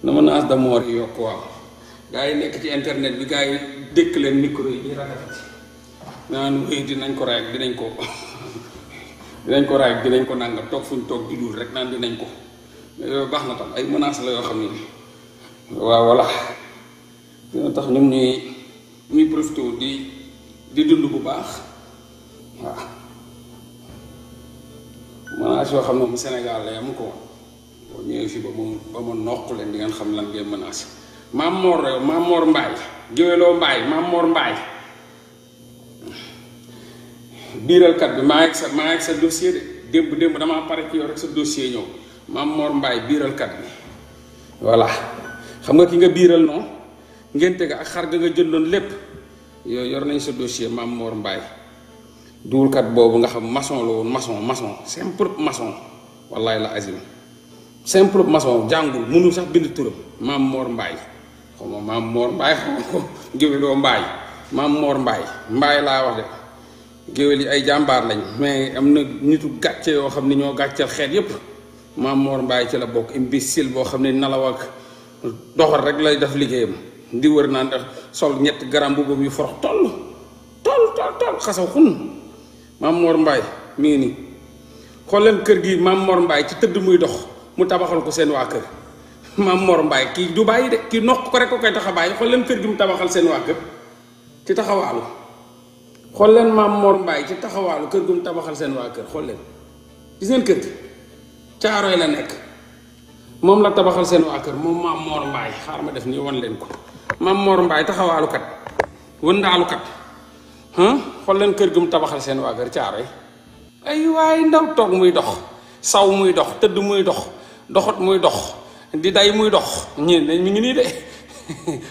na ma naas dama war yokk waaw gaa yi nekk ci internet bi gaa yi dëkk leen micro yi ñu ragal ci naan wéy dinañ ko raay dinañ ko dinañ ko raay dinañ ko nangam toog fuñ toog di dul rek naan dinañ ko yooyu baax na tam ay menaces la yoo xam ni waaw voilà dina tax ñun ñuy ñuy profité di di dund bu baax waaw menaces yoo xam ne mu Sénégal la yamu ko woon boo ñëwee fii ba mu ba mu noq leen di ngeen xam lan ngay menacé maam Mor maam Mor Mbaay géwéloo Mbaay maam Mbaay biiralkat bi maa ngi sa maa ngi sa dossier ñëw maam Mbaay biiralkat bi voilà xam nga ki nga biiral noonu ngénte ga ak xar ga nga jëndoon lépp yooyu yor nañ sa dossier maam Mor Mbaay duulkat boobu nga xam maçon la woon maçon maçon simple maçon wallaay la azim simple maçon jàngul mënul sax bind turam maam Mor Mbaay xaw ma maam Mor Mbaay xaw ma ko géwéloo Mbaay maam Mor Mbaay Mbaay laa wax de yi ay jàmbaar lañ mais am na nitu gàcce yoo xam ne ñoo gàcceel xeet yépp maam Mor Mbaay ci la bokk imbécile boo xam ne nalaw ak doxal rek lay def liggéeyam di wër naan def sol ñett garam boobu yu forox toll toll toll toll xasaw xun maam Mor Mbaay mi ngi nii xool leen kër gi maam Mor Mbaay ci tëdd muy dox mu tabaxal ko seen waa kër maam moor mbaay kii du bàyyi de kii noq ko rek ko koy taxa a bàyyi xool leen kër gi mu tabaxal seen waa kër ci taxawaalu xool leen maam Mor ci taxawaalu kër gi mu tabaxal seen waa kër xool leen gis ngeen kër la nekk moom la tabaxal seen waa kër moom maam Mor Mbaye xaar ma def nii wan leen ko maam Mor Mbaye taxawaalu kat wëndaalu kat xool leen kër gi mu tabaxal seen waa kër caaroy ay waaye ndaw toog muy dox saw muy dox tëdd muy dox doxut muy dox di day muy dox ñii dañ mi ngi nii de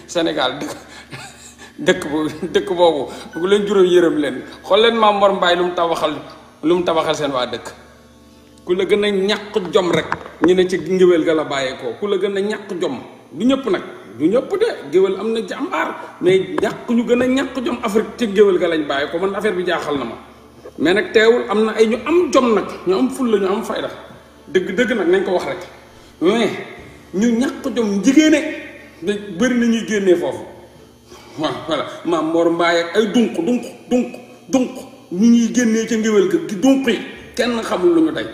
Sénégal dëkk dëkk boobu dëkk boobu bu leen juróom yërëm leen xool leen maam Mor Mbaye lu mu tabaxal lu mu tabaxal seen waa dëkk ku la gën a ñàkk jom rek ñu ne ci ngéwél ga la bàyyeekoo ku la gën a ñàkk jom du ñëpp nag du ñëpp de géwél am na jàmbaar mais ñàkk ñu gën a ñàkk jom Afrique ci géwél ga lañ bàyyeekoo man affaire bi jaaxal na ma mais nag teewul am na ay ñu am jom nag ñu am ful la ñu am fayda dëgg-dëgg nag nañ ko wax rek mais ñu ñàkk jom jigéene da bëri na ñuy génnee foofu waaw voilà maam Mor Mbaye ay dunq dunq dunq dunq ñu ñuy génnee ca ngéwél ga gi dunq yi kenn xamul lu ñu day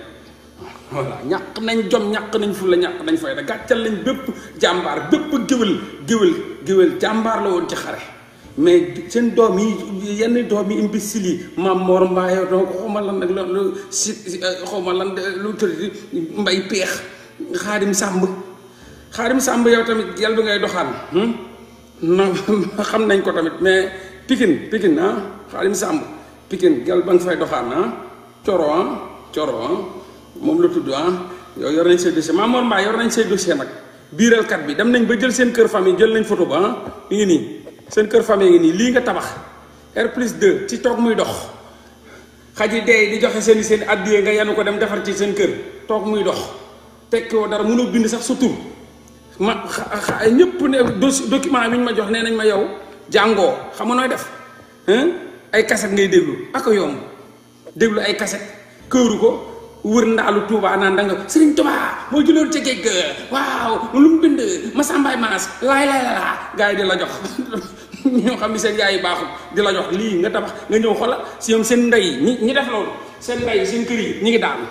voilà ñàkk nañ jom ñàkk nañ fulla ñàkk nañ fayda gàccal lañ bépp jàmbaar bépp géwél géwél géwél jàmbaar la woon ci xare mais seen doom yi yenn doom yi imbécile yi maam Mor Mbaye donc xaw ma lan nag lu si xaw ma lan lu tëdd mbay peex xaarim sàmb xaarim sàmb yow tamit yal bi ngay doxaan hmm? na xam nañ ko tamit mais Pikine Pikine ah xaarim sàmb Pikine yal ba nga fay doxaan ah coro ah coro ah, moom la tudd ah yow yor nañ say dossier maam Mor Mbaye yor nañ say dossier nag biiralkat bi dem nañ ba jël seen kër famille jël nañ photo ba ah mi ngi nii seen kër famille yi nii lii nga tabax R plus 2 ci toog muy dox xaj yi dee di joxe seen i seen addiye nga yanu ko dem defar ci seen kër toog muy dox tekkiwoo dara mënoo bind sax sa tur ma xa ñëpp ne document bi ñu ma jox nee nañ ma yow jàngoo xam nga nooy def ay kaset ngay déglu ak yomb déglu ay kaset këru ko. wër ndaalu Touba naan da nga Serigne Touba boo jëloon ca géej waaw lu mu bind Masambaay Maas laay laay laa gars yi di la jox ñoo xam ne seen gars yi baaxul di la jox lii nga tabax nga ñëw xoolal si ñoom seen ndey ñi ñi def loolu seen ndey seen kër yi ñu ngi daanu.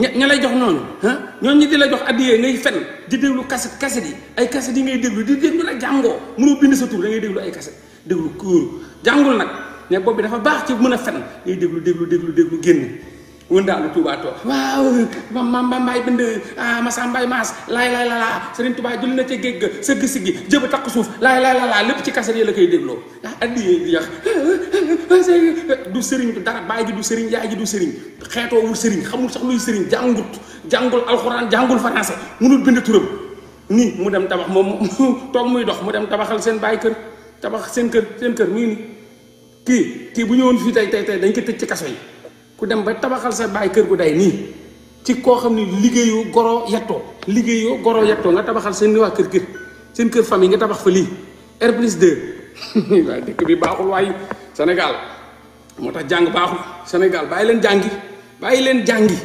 ña ña lay jox noonu ñoo ah, ñooñu di la jox addiyee ngay fen di déglu kaset kaset yi ay kaset yi ngay déglu di déglu nag jàngoo mënoo bind sa tur da ngay déglu ay kaset déglu kóoru jàngul nag mais boobu dafa baax ci mën a fen ngay déglu déglu déglu déglu génn. wëndaalu Touba toog waaw ma ma mbaay bind ah ma sàmbaay maas la laa Serigne Touba julli na ca géej ga sëgg siggi takk suuf laay laa lépp ci kaset yi la koy dégloo ah addiyee di yax du Serigne du dara baay ji du Serigne yaay ji du Serigne xeetoowul Serigne xamul sax luy Serigne jàngut jàngul alxuraan jàngul français munul bind turam nii mu dem tabax moom toog muy dox mu dem tabaxal seen baay kër tabax seen kër seen kër muy ni kii kii bu ñëwoon fii tey tey tey dañ ko tëj ci kaso yi ku dem ba tabaxal sa baay kër gu day nii ci koo xam ne liggéeyoo goro yettoo liggéeyoo goro yettoo nga tabaxal seen waa kër gi seen kër famille nga tabax fa lii R plus waaye dëkk bi baaxul waaye Sénégal moo tax jàng baaxul Sénégal bàyyi leen jàngi bàyyi leen jàngi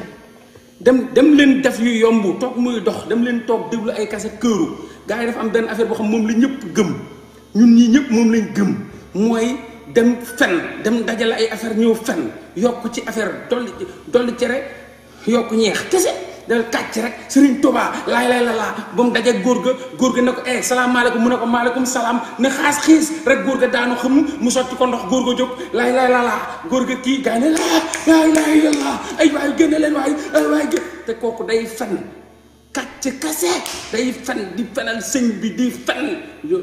dem dem leen def yu yomb toog muy dox dem leen toog déglu ay kase këru gars yi dafa am benn affaire boo xam moom lañ ñëpp gëm ñun ñii ñëpp moom lañ gëm mooy dem fen dem dajale ay affaire ñëw fen yokk ci affaire dolli dolli cere yokk ñeex kese dal kàcc rek Serigne Touba laay laay la laa ba mu daje góor ga góor ga ne ko eh salaamaaleykum mu ne ko maaleykum salaam ne xaas xiis rek góor ga daanu xam mu sotti ko ndox góor ga jóg laay laay la laa góor ga kii gaañ ne laa laay laay génne leen waay te kooku day fen kàcc kase day fen di fenal sëñ bi di fen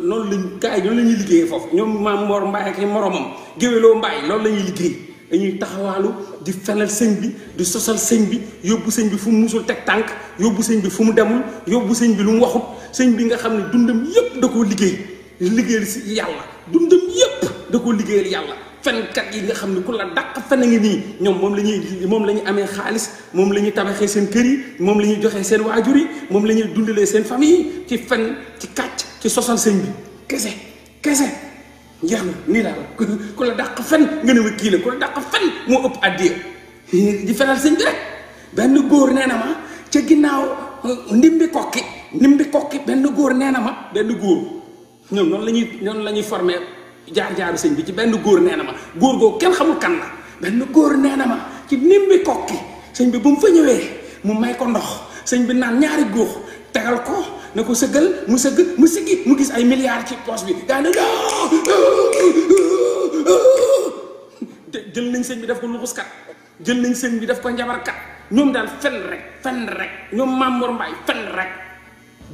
loolu lañ gars yi loolu la ñuy liggéeyee foofu ñoom maam Mor Mbaye ak moromam géwéloo Mbaye loolu la ñuy liggéey dañuy taxawaalu di fenal sëñ bi di sosal sëñ bi yóbbu sëñ bi fu mu musul teg tànk yóbbu sëñ bi fu mu demul yóbbu sëñ bi lu mu waxut sëñ bi nga xam ne dundam yépp da koo liggéey liggéeyal si yàlla dundam yépp da koo liggéeyal yàlla fenkat yi nga xam ne ku la daq fen a ngi nii ñoom moom la ñuy moom la ñuy amee xaalis moom la ñuy tabaxee seen kër yi moom la ñuy joxee seen waajur yi moom la ñuy seen famille yi ci fen ci kàcc ci sosal sëñ bi kese kese jeex na nii daal ku la dàq fen nga ne ma kii la ku la dàq fen moo ëpp addiya di fenal sëñ bi rek benn góor nee na ma ca ginnaaw uh, ndimbi kokki ndimbi kokki benn góor nee na ma benn góor ñoom noonu la ñuy la ñuy formé jaar-jaaru sëñ bi ci benn góor nee na ma góor googu kenn xamul kan la benn góor nee na ma ci nimbi kokki sëñ bi ba mu fa ñëwee mu may ko ndox sëñ bi naan ñaari góor tegal ko na ko sëggal mu sëgg mu siggi mu gis ay milliards ci poche bi gaa ne jël nañ sëñ bi def ko luxuskat jël nañ sëñ bi def ko njabarkat ñoom daal fen rek fen rek ñoom Mamour Mbaye fen rek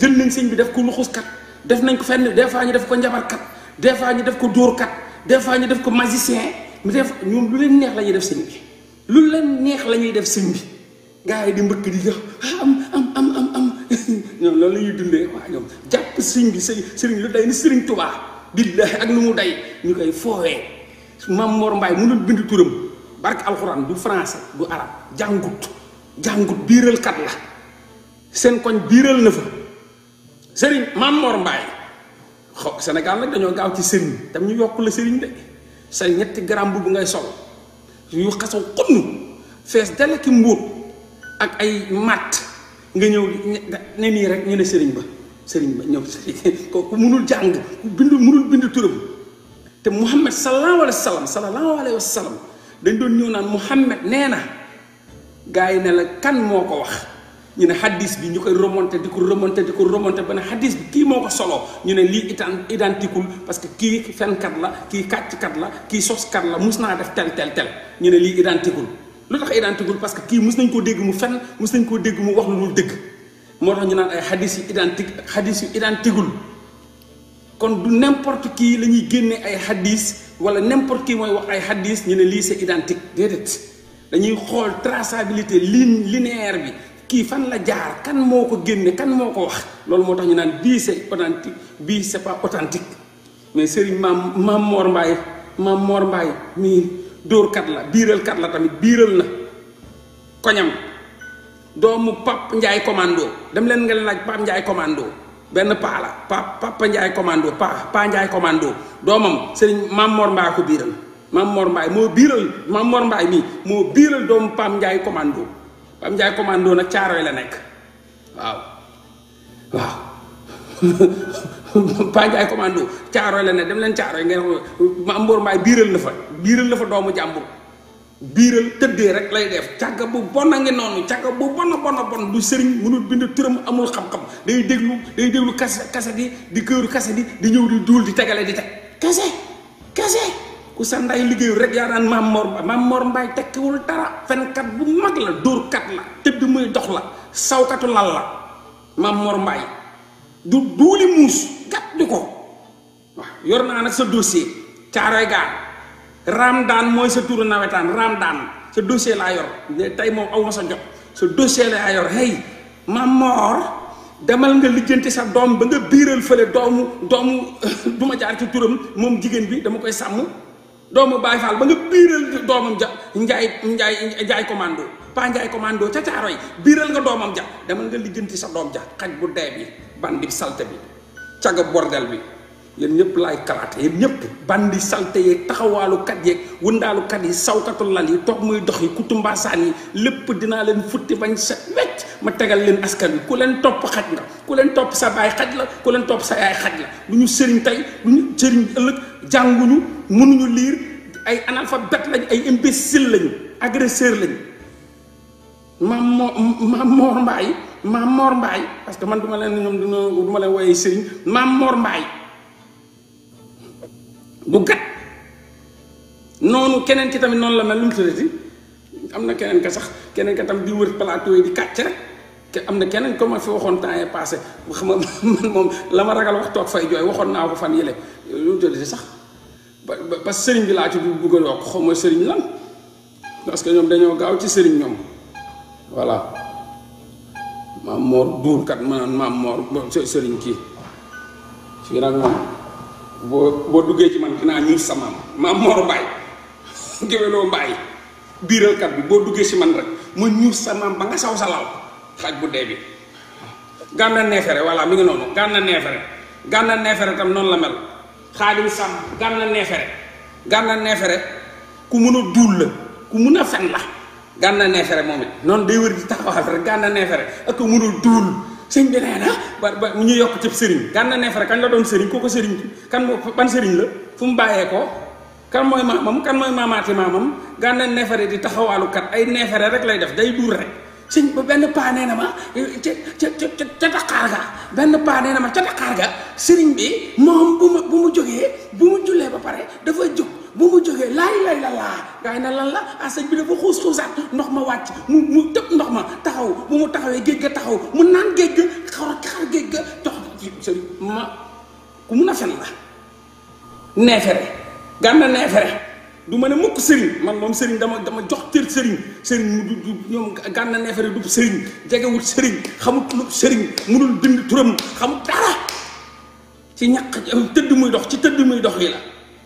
jël nañ sëñ bi def ko luxuskat def nañ ko fenn des fois ñu def ko njabarkat des fois ñu def ko dóorkat des fois ñu def ko magicien mu def ñoom lu leen neex la ñuy def sëñ bi lu leen neex la ñuy def sëñ bi gars yi di mbëkk di jox ah, am am am am ñoom loolu la ñuy dundee waa ñoom jàpp sëñ bi sëñ sëriñ lu day ni sëriñ Tuubaa billahi ak lu mu day ñu koy foowee Maam Mor Mbaye mënul bind turam barke alxuraan du français du arab jàngut jàngut biiralkat la seen koñ biiral na fa sëriñ Maam Mor xo Sénégal nag dañoo gaaw ci sëriñ tam ñu yokk la sëriñ de say ñetti garam bu ngay sol yu xasaw xunn fees dale ki mbuur ak ay matt nga ñëw ne nii rek ñu ne sëriñ ba sëriñ ba ñoom sëriñ kooku munul jàng ku munul bind turam te Muhammad sallallahu alayhi wa sallam sallallahu alayhi wa sallam dañ doon ñëw naan Muhammad nee na gars yi ne la kan moo ko wax ñu ne xaddis bi ñu koy remonté di ko remonté di ko remonté ba ne xaddis bi kii moo ko soloo ñu ne lii itam identiqueul parce que kii fenkat la kii kàcckat la kii soskat la mus naa def tel tel tel ñu ne lii identiqueul lu tax identiqueul parce que kii mus nañ koo dégg mu fen mus nañ koo dégg mu wax lu dul dëgg moo tax ñu naan ay xaddis yu identique xaddis yu identiqueul kon du n'importe kii la ñuy génne ay xaddis wala n'importe kii mooy wax ay xaddis ñu ne lii c'est identique déedéet dañuy xool traçabilité ligne linéaire bi kii fan la jaar kan moo ko génne kan moo ko wax loolu moo tax ñu naan bii c'est authentique bii c'est pas authentique mais Serigne maam maam Mor Mbaye maam Mor Mbaye mii dóorkat la biiralkat la tamit biiral na koñam doomu Pape njaay commando dem leen nga laaj Pape Ndiaye commando benn paa la Pape Pape Ndiaye commando pa Paa Ndiaye commando doomam Serigne maam Mor Mbaye ko biiral maam Mor Mbaye moo biiral mii moo biiral doomu Pape Ndiaye commando paa Ndiaye commando nag Caaroy la nekk waaw waaw Pape Ndiaye commando Caaroy la nekk dem leen Caaroy ngeen ma Mbour Mbaay biiral la fa biiral la fa doomu jàmbur biiral tëddee rek lay def càgg bu bon a ngi noonu càgg bu bon a bon a bon lu sëriñ mënul bind tiram amul xam-xam day déglu day déglu kase kase di di këru kase di di ñëw di duul di tegale di teg kase kase ku sa nday liggéeyul rek yaa daan maam Mor Mbaye maam Mor Mbaye tekkiwul dara fenkat bu mag la dóorkat la tëdd muy dox la sawkatu lal la maam Mor du duuli muus gàtt di ko yor naa nag sa dossier caaroy gaar daan mooy sa turu nawetaan Ramadaan sa dossier tey moom aw sa jot sa dossier laa yor hey lijjanti sa doom ba nga biiral ma jaar ci turam moom jigéen bi dama koy sàmm doomu Baye Fall ba nga biiral doomam ja njaay njaay njaay commando pa njaay commando ca caaro yi biiral nga doomam ja demal nga lijjanti sa doom ja xaj bu dee bi bandi salte bi caga bordel bi yéen ñëpp laay kalaate yéen ñëpp bandi salte yeeg taxawaalukat yeeg wëndaalukat yi sawkatul lal yi toog muy dox yi kutumbaasaan yi lépp dinaa leen futti bañ set wecc ma tegal leen askan wi ku leen topp xaj nga ku leen topp sa baay xaj la ku leen topp sa yaay xaj la du ñu sëriñ tey du ñu sëriñ ëllëg jànguñu mënuñu liir ay analphabète lañ ay imbécile lañu agresseur lañu maam moo maam Mor Mbaay maam moor Mbaay parce que man du leen ñoom ma leen woyee sëriñ maam Mor Mbaay bu gat noonu keneen ki tamit noonu la mel lu mu tuddati am na keneen ka sax keneen ka tam bi wër plateau di kàcc rek te am na keneen comme ma fi waxoon temps yii passé xam nga man moom la ma ragal wax toog fay jooy waxoon naa ko fan yële lu mu tuddati sax ba ba sëriñ bi laa ci bugg a yokk xaw ma sëriñ lan parce que ñoom dañoo gaaw ci sëriñ ñoom voilà maam moor duur kat ma naan maam moor sëriñ kii fii nag moom boo boo duggee ci man dinaa ñuus sa maam maam Mor Mbaay géwéloo Mbaay biiralkat bi boo duggee ci man rek ma ñuus sa maam ba nga saw sa law xaj bu dee bi gànna neefere voilà mi ngi noonu gànna neefere gànna neefere tam noonu la mel xaadim sàmm gànna neefere gànna neefere ku mun a duul la ku mun a fen la gànna neefere moom it noonu day wër di taxawal rek gànna neefere ak mun a duul sëñ bi nee ba ba ñu yokk ci sëriñ Gana Néféré kañ la doon sëriñ kooku sëriñ kan moo ban sëriñ la fu mu bàyyee ko kan mooy maamam kan mooy maamaati maamam Gana Néféré di taxawaalukat ay neefere rek lay def day duur rek sëñ ba benn paa nee na ma ca ca ca ca Dakar ga benn paa nee na ma ca Dakar ga sëriñ bi moom bu ma bu mu jógee bu mu jullee ba pare dafa jóg. bu mu jógee laay lay la laa ngay na lan la ah sëñ bi dafa xuus xuusaat ndox ma wàcc mu mu tëb ndox ma taxaw bu mu taxawee géej ga taxaw mu naan géej ga xar géej ga jox ci sëñ ma ku mun a fen neefere gànna neefere du ma ne mukk sëriñ man moom sëriñ dama dama jox tër sëriñ sëriñ mu du ñoom gànna neefere du sëriñ jegewut sëriñ xamut lu sëriñ munul bind turam xamut dara ci ñaq tëdd muy dox ci tëdd muy dox yi la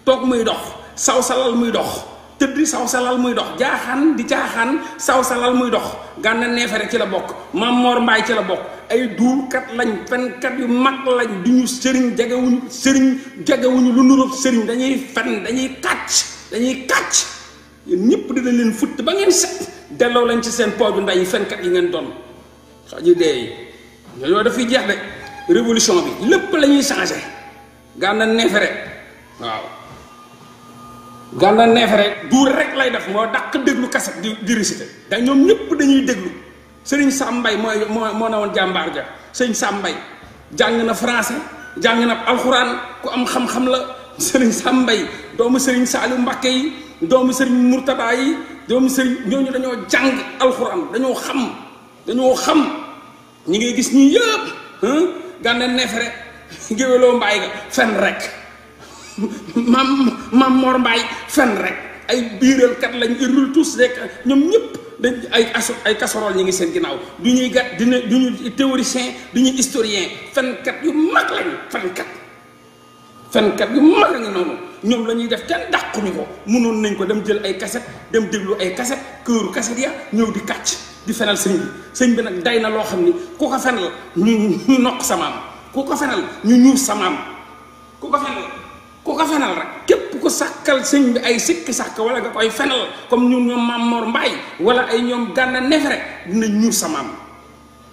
toog muy dox saw salal muy dox tëdd saw salal muy dox jaaxaan di caaxaan saw salal muy dox gànna neefere ci la bokk maam Mor Mbaay ci la bokk ay duurkat lañ fenkat yu mag lañu duñu ñu sëriñ jegewuñu sëriñ jegewuñu lu nuróob sëriñ dañuy fen dañuy kàcc dañuy kàcc yéen ñëpp dina leen futt ba ngeen set delloo lañ ci seen pooju nday yi fenkat yi ngeen doon xaju dee yooyu dafay jeex de révolution bi lépp lañuy ñuy changé gànna neefere waaw gànna neefere duur rekk lay def moo dàq déglu kaset di di récité da ñoom ñëpp dañuy déglu sëriñ Sambay mooy moo moo ne woon jàmbaar ja sëriñ Sambay jàng na français jàng na alxuraan ku am xam-xam la sëriñ Sambay doomu sëriñ Saalu Mbàkke yi doomu sëriñ Murtaba yi doomu sëriñ ñooñu dañoo jàng alxuraan dañoo xam dañoo xam ñi ngay gis ñii yëpp gànna neefere géwéloo mbaay fen rek maam Mor Mbaay fen rek ay biiralkat lañ irul tous rek ñoom ñëpp dañ ay aso ay casserole ñu ngi seen ginnaaw du ñuy gat dina du ñuy théoricien du ñuy historien fenkat yu mag lañu fenkat fenkat yu mag a ngi noonu ñoom la ñuy def kenn dàquñu ko mënoon nañ ko dem jël ay kaset dem déglu ay kaset këru kaset ya ñëw di kàcc di fenal sëñ bi sëñ bi nag day na loo xam ni ku ko fenal ñu ñu noq samaam ku ko fenal ñu ñuur samaam ku ko fenal ku ko fenal rek ku sàkkal sëñ bi ay sikki sàkk wala nga koy fenal comme ñun ñoom maam moor Mbaay wala ay ñoom gànna nefere dina ñuur sa maam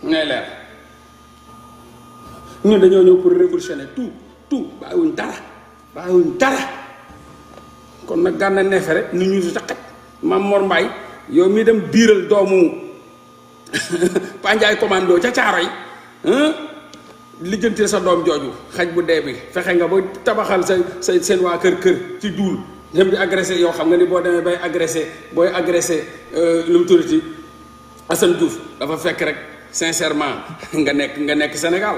ngay leer dañoo ñëw pour révolutionner tout tout bàyyiwuñ dara kon nag gànna nefere nu ñuur sa xaj Mbaay yow mii dem biiral doomu Panjaay commando ca caaro yi lijjantee sa doom jooju xaj bu dee bi fexe nga ba tabaxal sa sa seen waa kër kër ci duul ñoom di agressé yoo xam nga ni boo demee bay agressé booy agressé euh, lu mu tuddati Assane Diouf dafa fekk rek sincèrement nga nekk nga nekk Sénégal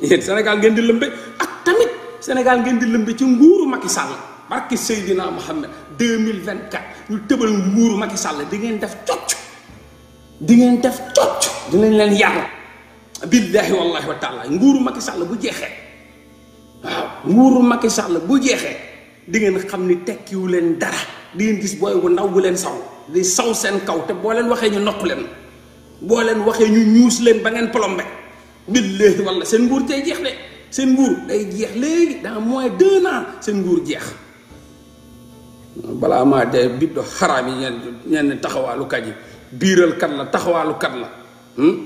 yéen Sénégal ngeen di lëmbe ak tamit Sénégal ngeen di lëmbe ci nguuru Macky Sall barki Seydina Mohamed 2024 ñu tëbal nguuru Macky Sall di ngeen def cocc di ngeen def cocc dinañ leen yar billahi wallahi wa taala nguuru Macky Sall bu jeexee waaw mag Macky Sall bu jeexee di ngeen xam ni tekkiwu leen dara di ngeen gis booy bu ndaw bu leen saw di saw seen kaw te boo leen waxee ñu noq leen boo leen waxee ñu ñuus leen ba ngeen plombé billahi walla seen nguur tey jeex de seen nguur day jeex léegi dans moins deux ans seen nguur jeex balaa maa dee biddo xaraam yi ñenn ñenn taxawaalu kat yi biiral kat la taxawaalu kat la hmm?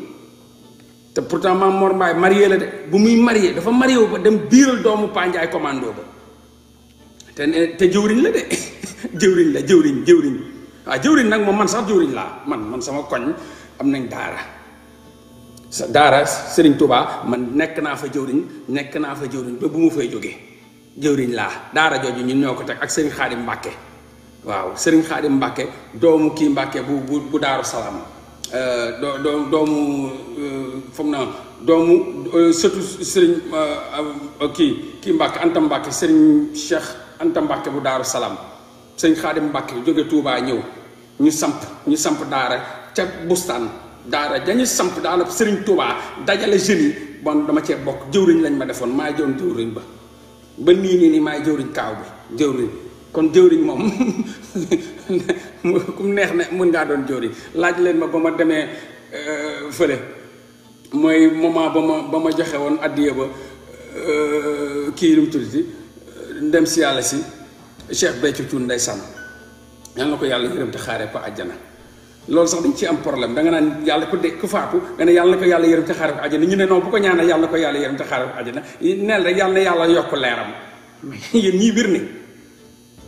te pourtant maam moo Mbaye marié la de bu muy marié dafa marié ba dem biiral doomu Panjaay commando ba te ne te jëwriñ la de jëwriñ la jëwriñ jëwriñ waaw ah, jëwriñ nag moom man sax jëwriñ laa man man sama koñ am nañ daara sa daara sëriñ tubaa man nekk naa fa jëwriñ nekk naa fa jëwriñ ba bu mu fay jógee jëwriñ laa daara jooju ñun ñoo ko teg ak Serigne Khadim Mbacke waaw Serigne Khadim Mbacke doomu kii Mbacke bu bu bu daaru salaam Euh, doo doomu euh, foog na doomu surtout euh, sëriñ kii kii Mbàkke Anta Mbàkke sëriñ Cheikh Anta Mbàkke bu Daaru Salaam sëriñ Xaadim Mbàkke jóge Touba ñëw ñu samp ñu samp daara ca bustaan daara dañu samp daara sëriñ Touba dajale jeunes yi bon dama cee bokk jëwriñ lañ ma defoon maay joon jëwriñ ba ba nii nii nii maay jëwriñ kaaw bi jëwriñ kon jëwriñ moom ku neex ne mën ngaa doon jëwriñ laaj leen ma ba ma demee euh, fële mooy moment ba ma ba ma joxe woon addiya ba euh, kii lu mu si ndem si yàlla si Cheikh Béthio Thioune ndeysaan yal na ko yàlla yërëm te xaaree ko àjjana loolu sax dañ ci am problème danga naan yàlla ku de ku faatu nga ne yàlla na ko yàlla yërëm te xaaree ko àjjana ñu ne non bu ko ñaanee yàlla ko yàlla yërëm te xaaree ko àjjana neel rek yàlla na yàlla yokk leeram yéen ñii bir ne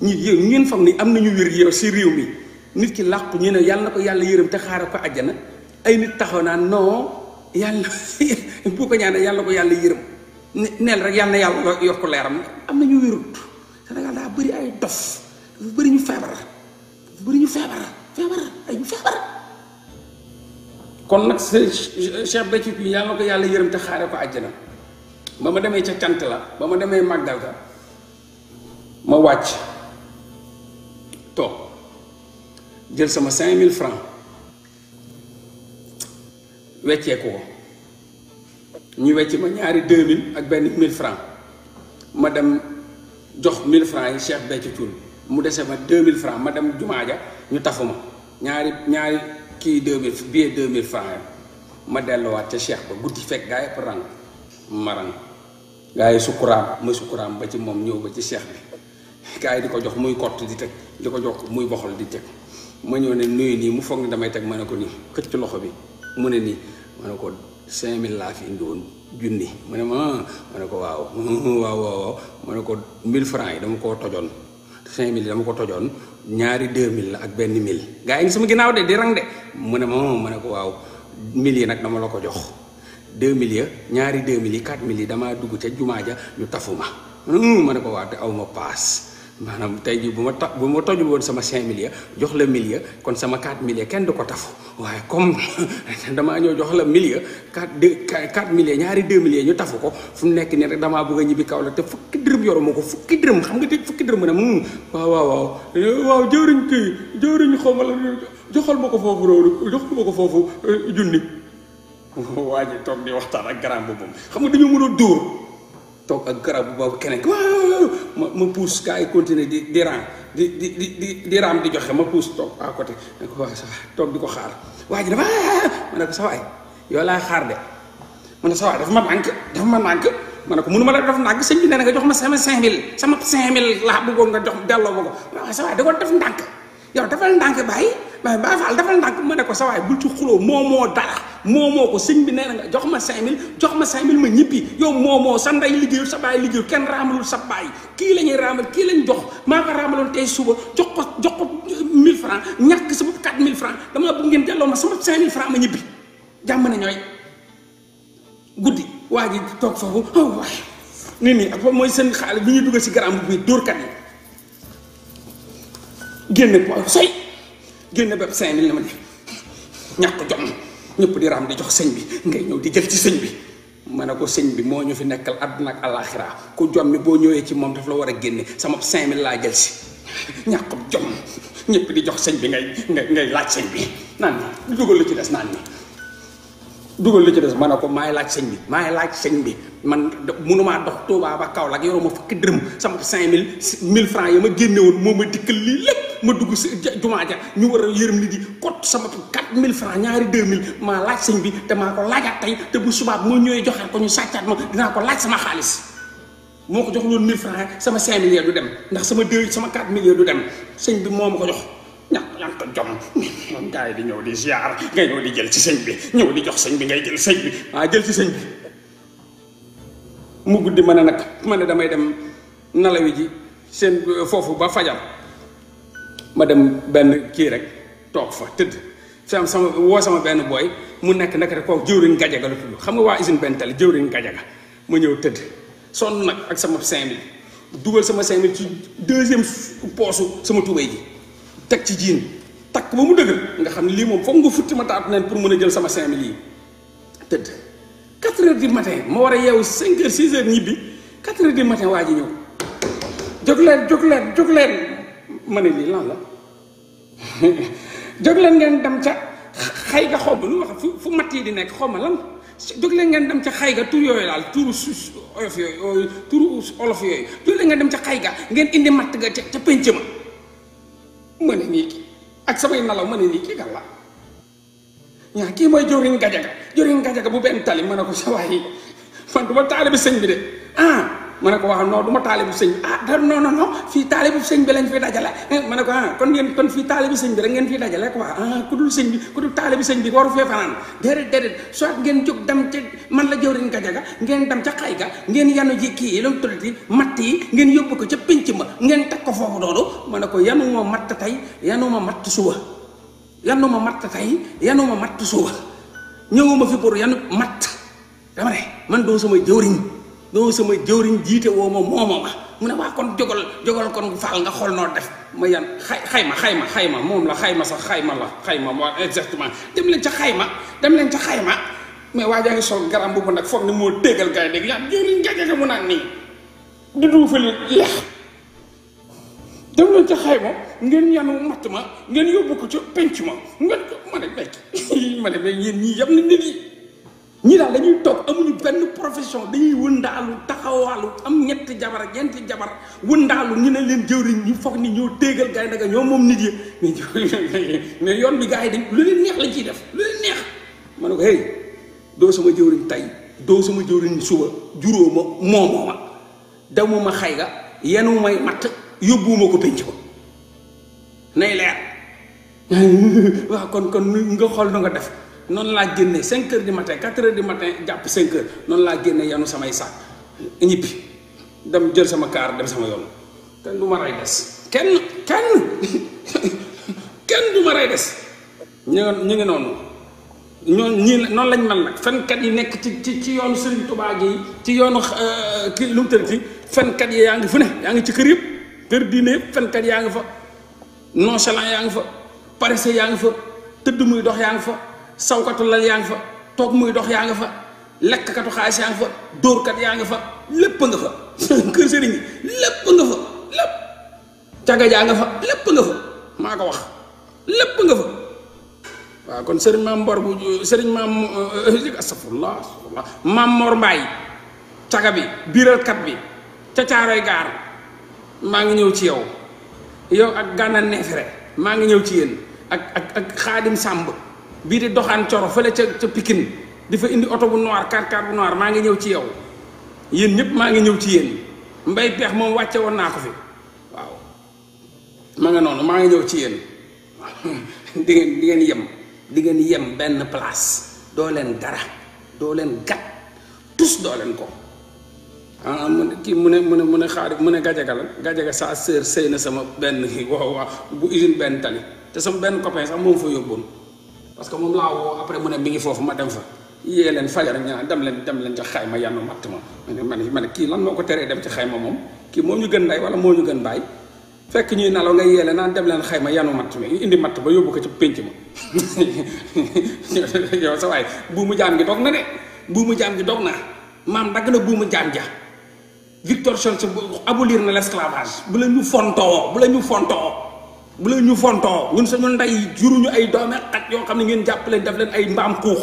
ñi yow ngeen fam ni am nañu wér yow si réew mi nit ki làqu ñu ne yàlla na ko yàlla yërëm te xaaral ko àjjana ay taxaw naa non yàlla bu ko yàlla ko yàlla yërëm neel rek yàlla na yàlla yokk leeram am nañu wérut Sénégal daa ay dof dafa bëri ñu feebar dafa bëri ñu feebar yàlla na ko yàlla yërëm te xaare ko àjjana ba ma demee ca cant la ba ma demee màggal ga ma wàcc toog jël sama cinq mille francs wecceeku ko ñu wecc ma ñaari deux mille ak benn mille francs ma dem jox mille francs yi Cheikh Béthio Thioune mu dese ma deux mille francs ma dem jumaa ja ñu tafu ma ñaari ñaari kii deux mille billet deux mille francs yi ma delluwaat ca Cheikh ba guddi fekk gaa yëpp rang ma rang gaa yi sukkuraam ma sukkuraam ba ci moom ñëw ba ci Cheikh bi gars di ko jox muy kott di teg di ko jox muy boxol di teg ma ñëw ne nuyu nii mu foog ne damay teg ma ne ko nii xëcc loxo bi mu ne nii ma ne ko cinq mille laa fi indi ne ma ah, ma ne ko waaw waaw ma ne ko mille francs yi dama koo tojoon cinq mille dama ko tojoon ñaari deux mille ak benn mille gars yi ngi ginnaaw de di ne ma ah, ma ne ko waaw mille yi nag dama la ko jox deux mille ya ñaari deux mille yi quatre mille yi damaa dugg ca jumaa ja ñu tafuma ma ne ko waaw te aw ma paas maanaam tey jii bu ma ta bu ma toju woon sama cinq mille jox la mille kon sama quatre mille kenn du ko tafu waaye comme damaa ñëw jox la mille quatre deux quatre mille ñaari deux mille ñu tafu ko fu mu nekk nii rek damaa bëgg a ñibbi kaw la te fukki dërëm yoruma ko fukki dërëm xam nga te fukki dërëm mu ne moom waaw waaw waaw eh, waaw jëriñ kii jëriñ xaw ma la joxal ma ko foofu loolu joxal ma ko foofu eh, junni. waa ji toog di waxtaan ak grand boobu xam nga dañu mën a dóor. toog ak garab boobu keneen waaw ma ma pousse gars yi continuer di di raam di di di di raam di joxe ma pousse toog à côté ne ko waaye sa toog di ko xaar waa ji dafa ma ne ko sa waay xaar de ma ne sa waay dafa ma manqué dafa ma manqué ma ne ko mënu ma la def ndànk sëñ bi nee na nga jox ma sama 5000 sama 5000 laa bëggoon nga jox delloo ma ko waaye sa waay da ko def ndànk yow defal ndànk bàyyi. waaye Baay Faal dafa ndànk ma ne ko sa waay bul ci xuloo moomoo dara moomoo ko sëñ bi nee na nga jox ma 5000 jox ma 5000 ma ñibbi yow moomoo sa ndey liggéeyul sa baay liggéeyul kenn raamalul sa baay kii la ñuy raamal kii lañ jox maa ko raamaloon tey suba jox ko jox ko 1000 francs ñàkk sa bopp 4000 francs dama la bëgg ngeen delloo ma sama 5000 francs ma ñibbi jàmm na ñooy guddi waa ji toog foofu oh waay nit ñi ak mooy seen xaalis bi ñuy dugal si garam bi dóorkat yi génn bépp cinq mille ne ma ne ñàkk jom ñëpp di raam di jox sëñ bi ngay ñëw di jël ci sëñ bi ma ne ko sëñ bi moo ñu fi nekkal àdduna ak àllaaxira ku jom mi boo ñëwee ci moom daf la war a génne sama cinq mille laa jël si ñàkk jom ñëpp di jox sëñ bi ngay ngay ngay laaj sëñ bi naan dugal lu ci des naan ni dugal li ci des ma ne ko maay laaj señ bi maay laaj señ bi man munumaa dox Touba ba Kaolack yoroo ma fukki dërëm sama cinq mille mille francs yi ma génne woon moo ma dikkal lii lépp ma dugg si jumaa ja ñu war a yërëm nit di kot sama quatre mille francs ñaari deux mille maa laaj sëñ bi te maa ko laajaat tey te bu subaab moo ñëwee joxaat ko ñu sàccaat ma dinaa ko laaj sama xaalis moo ko jox loolu mille francs sama cinq mille du dem ndax sama deux sama quatre mille du dem sëñ bi moo ma ko jox ñàkk ñàkk jom moom di ñëw di ziar nga ñëw di jël ci sëñ bi ñëw di jox sëñ bi ngay jël sëñ bi ah jël ci sëñ mu guddi ma ne nag ma ne damay dem nalawi ji seen foofu ba fajam ma dem benn kii rek toog fa tëdd sama sama woo sama benn booy mu nekk nag rek kooku jëwriñ gajaga la tudd xam nga waa usine benn tali jëwriñ gajaga ma ñëw tëdd sonn nag ak sama cinq mille dugal sama cinq mille ci deuxième poosu sama tubéy ji teg ci jiin takk ba mu dëgg nga xam ne lii moom foog nga futti ma taatu neen pour mën a jël sama cinq mille yi tëdd quatre heures du matin ma war a yeewu cinq heures six heures ñibbi quatre heures du matin waa ji ñëw jóg leen jóg leen jóg leen ma ne la jóg leen ngeen dem ca xay ga xaw ma lu wax fu matt yi di nekk xaw ma lan jóg leen ngeen dem ca xay ga tur yooyu daal turu olof yooyu turu olof yooyu jóg ngeen dem ca xay ga ngeen indi matt nga ca ca pénc ma ma nii kii ak samay nalaw ma ne nii kii kan la ñaa kii mooy jëwriñ gajaga jëwriñ gajaga bu benn tali ma ne ko sa waay man du ma taalibe sëñ bi de ah! ma ko wax non du ma taalibu sëñ bi ah da non non non fii taalibu sëñ bi lañ fi dajale eh, ma ne ko ah kon ngeen kon fii taalibu sëñ bi rek ngeen fi dajale quoi ah ku dul sëñ bi ku dul taalibu sëñ bi waru fee fanaan déedéet soo soit ngeen jóg dem ca man la jëwriñ ka jaga ngeen dem ca xay ga ngeen yanu ji kii yi lu mu tuddati matt yi ngeen yóbbu ko ca pénc ma ngeen teg ko foofu doonu ma ne ko yanu ma matt tey yanu ma matt suba yanu ma matt tey yanu ma matt suba ñëwuma fi pour yanu matt man doo sama jëwriñ yow sama jëwriñ jiite woo ma mooma ma mu ne waa kon jogal jogal kon faal nga xool noo def ma yan xay xayma xayma xayma moom la xayma sax xayma la xayma waa exactement dem leen ca xayma dem leen ca xayma mais waa jaa ngi sol garam boobu nag foog ne moo déggal gars yi dégg yaa jëwriñ jajaka mu naan nii di duufali leex dem leen ca xayma ngeen yanu matt ma ngeen yóbbu ko ca penc ma ngeen ko ma ne mekk ma ne mekk yéen ñii yam na yi ñii daal dañuy toog amuñu benn profession dañuy wëndaalu taxawaalu am ñetti jabar ak ñeenti jabar wëndaalu ñu ne leen jëwriñ ñu foog ni ñoo téegal gaay ndaga ñoo moom nit yi mais yoon bi gars yi dañ lu leen neex lañ ciy def lu leen neex ma ne ko hey doo sama jëwriñ tey doo sama jëwriñ suba juróo ma moomoo ma damu ma xay ga yenu may matt yóbbuwuma ko pénc ko nay leer waaw kon kon nga xool na nga def noonu laa génne 5 heures du matin 4 heures du matin jàpp 5 heures noonu laa génne yanu samay sac ñibbi dem jël sama kaar dem sama yoon kenn du ma rey des kenn kenn kenn rey des ñu ñu ngi noonu ñoon ñii noonu lañ mel nag fenkat yi nekk ci ci yoonu Serigne Touba gi ci yoonu euh, ki lu mu tëdd ki fenkat yaa ngi fu ne yaa ngi ci kër yëpp kër diine yëpp fenkat yaa ngi fa nonchalant yaa ngi fa paresse yaa ngi fa tëdd muy dox yaa ngi fa sawkatu lal yaa ngi fa toog muy dox yaa nga fa lekkkatu xaalis yaa nga fa dóorkat yaa nga fa lépp nga fa kër sëriñ fa lépp caga jaa nga fa lépp maa ko wax lépp nga fa waaw kon sëriñ maam mbor bu sëriñ maam eh, astafurlah mbaay caga bi biiralkat bi ca caaroy gaar maa ngi ñëw ci yow yow ak gànna neefere maa ngi ñëw ci yéen ak ak ak xaadim sàmb bii di doxaan coro fële ca ca pikin dafa indi oto bu noir car car bu noir maa ngi ñëw ci yow yéen ñëpp maa ngi ñëw ci yéen mbay peex moom wàcce woon naa ko fi waaw ma nga noonu maa ngi ñëw ci yéen di ngeen di yem di ngeen yem benn place doo leen dara doo leen gat tus doo leen ko ah mu ne kii mu ne mu ne mu ne xaar mu ne gajaga la gajaga sa sœur sëy na sama benn waaw wax bu usine benn tali te sama benn copain sax moom fa yóbboon parce que moom laa woo après mu ne mi ngi foofu ma dem fa yee leen fajar ñu dem leen dem leen ca xayma yannu matt ma ma ne ma kii lan moo ko teree dem ci xayma moom kii moo ñu gën nday wala moo ñu gën bàyyi fekk ñuy nalaw nga yeele naan dem leen xayma yanu matt ma indi matt ba yóbbu ko ci pénc ma yow sa waay buumu jaam gi dog na de buumu jaam gi dog na maam dagg na buumu jaam ja Victor Schultz abolir na l'esclavage bu la ñu fontoo bu la ñu fontoo bu leen ñu fontoo ñun suñu ndey juruñu ay doome xaj yoo xam ne ngeen jàpp leen def leen ay mbaam kuux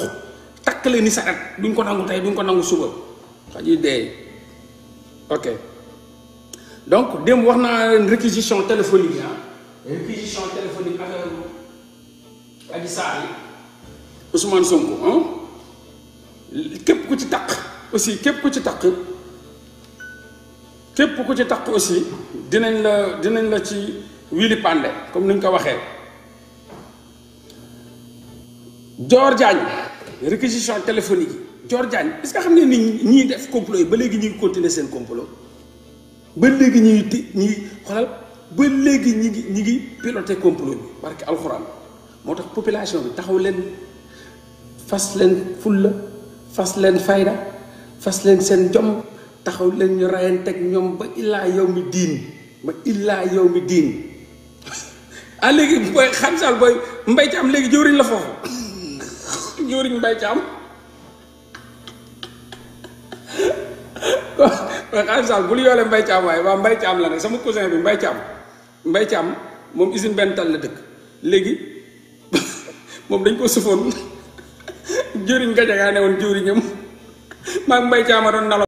takk leen ni saret duñ ko nangu tey duñ ko nangu suba xaj yi dee ok donc démb wax naa leen réquisition téléphonique ah réquisition téléphonique ak Adji Sarr yi Ousmane Sonko képp ku ci takk aussi képp ku ci takk képp ku ci takk aussi dinañ la dinañ la ci Willy Pandé comme ni ñu ko waxee joor Diagne réquisition téléphonique joor Dior Diagne est que xam ne ni ñi def complot yi ba léegi ñuy continuer seen complot ba léegi ñuy ti ñuy xoolal ba léegi ñi ngi ñi ngi piloté complot bi barke alxuraan moo tax population bi taxaw leen fas leen fulla fas leen fayda fas leen seen jom taxaw leen ñu rayanteeg ñoom ba illaa yow mi diin ba illaa yow mi diin ah léegi booy xam sal booy mbay caam léegi jëwriñ la foofu jëwriñ mbay caam waaye xam sal bul yoolee mbay caam waaye waa mbay caam la ne sama cousin bi mbay caam mbay caam moom usine benn tal la dëkk léegi moom dañ ko sufoon jëwriñ gajagaa ne woon jëwriñam maa mbay caama doon nalaw